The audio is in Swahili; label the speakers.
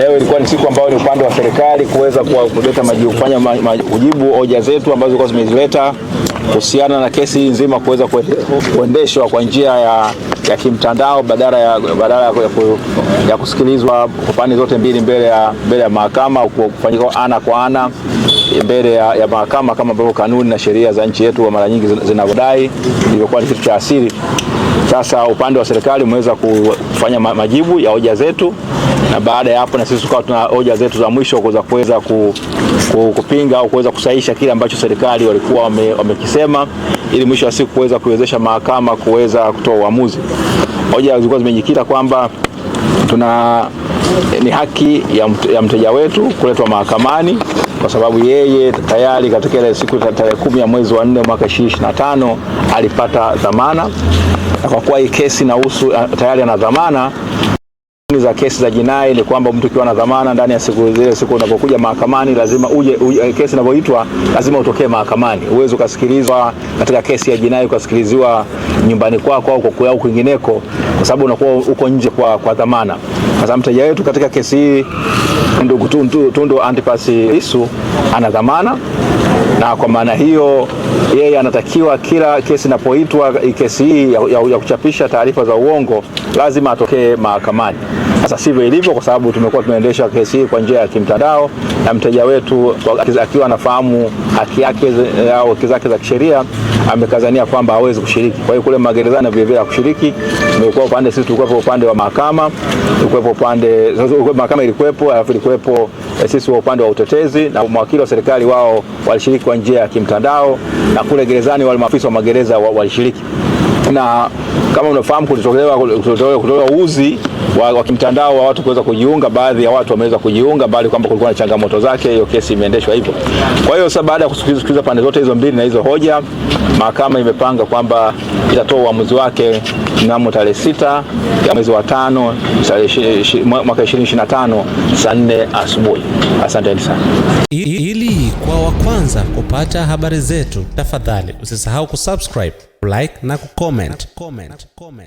Speaker 1: Leo ilikuwa ni siku ambayo ni upande wa serikali kuweza kuleta majibu, kufanya majibu hoja zetu ambazo zilikuwa zimezileta kuhusiana na kesi hii nzima kuweza kuendeshwa kwa njia ya, ya kimtandao badala ya, badala ya, ku, ya kusikilizwa kwa pande zote mbili mbele ya, mbele ya mahakama kufanyika ana kwa ana mbele ya, ya mahakama kama ambavyo kanuni na sheria za nchi yetu mara nyingi zinavyodai ilivyokuwa ni kitu cha asili. Sasa upande wa serikali umeweza kufanya majibu ya hoja zetu, na baada ya hapo na sisi tukawa tuna hoja zetu za mwisho za kuweza kupinga au kuweza kusaisha kile ambacho serikali walikuwa wame, wame amesema, ili mwisho wa siku kuweza kuwezesha mahakama kuweza kutoa uamuzi. Hoja zilikuwa zimejikita kwamba tuna eh, ni haki ya mteja wetu kuletwa mahakamani kwa sababu yeye tayari katika ile siku tarehe kumi ya mwezi wa nne mwaka 2025 alipata dhamana, na kwa kuwa hii kesi inahusu eh, tayari ana dhamana, za kesi za jinai ni kwamba mtu ukiwa na dhamana ndani ya siku zile, siku unapokuja mahakamani lazima uje, uje kesi inapoitwa lazima utokee mahakamani. Uwezi ukasikilizwa katika kesi ya jinai ukasikiliziwa nyumbani kwako au kwingineko, kwa sababu unakuwa uko nje kwa, kwa dhamana. Sasa mteja wetu katika kesi hii ndugu Tundu, Tundu Antipas Lissu ana dhamana, na kwa maana hiyo yeye anatakiwa kila kesi inapoitwa kesi hii ya, ya, ya kuchapisha taarifa za uongo lazima atokee mahakamani sasa sivyo ilivyo, kwa sababu tumekuwa tunaendesha kesi hii kwa njia ya kimtandao na mteja wetu akiwa anafahamu haki yake au haki zake za kisheria amekazania kwamba hawezi kushiriki. Kwa hiyo kule magerezani vile hakushiriki. Tumekuwa upande sisi, tulikuwa upande wa mahakama, tulikuwa upande mahakama ilikuwepo, alafu ilikuwepo eh, sisi wa upande wa utetezi na mawakili wa serikali, wao walishiriki kwa njia ya kimtandao, na kule gerezani wale maafisa wa magereza walishiriki na kama unafahamu kutolewa uzi wa, wa kimtandao wa watu kuweza kujiunga, baadhi ya watu wameweza kujiunga, bali kwamba kulikuwa na changamoto zake. Hiyo kesi imeendeshwa hivyo. Kwa hiyo sasa, baada ya kusikiliza pande zote hizo mbili na hizo hoja, mahakama imepanga kwamba itatoa uamuzi wake mnamo tarehe sita ya mwezi wa tano mwaka 2025 saa nne asubuhi. Asanteni sana. Ili kwa wa kwanza kupata habari zetu, tafadhali usisahau kusubscribe like kulike na kucomment.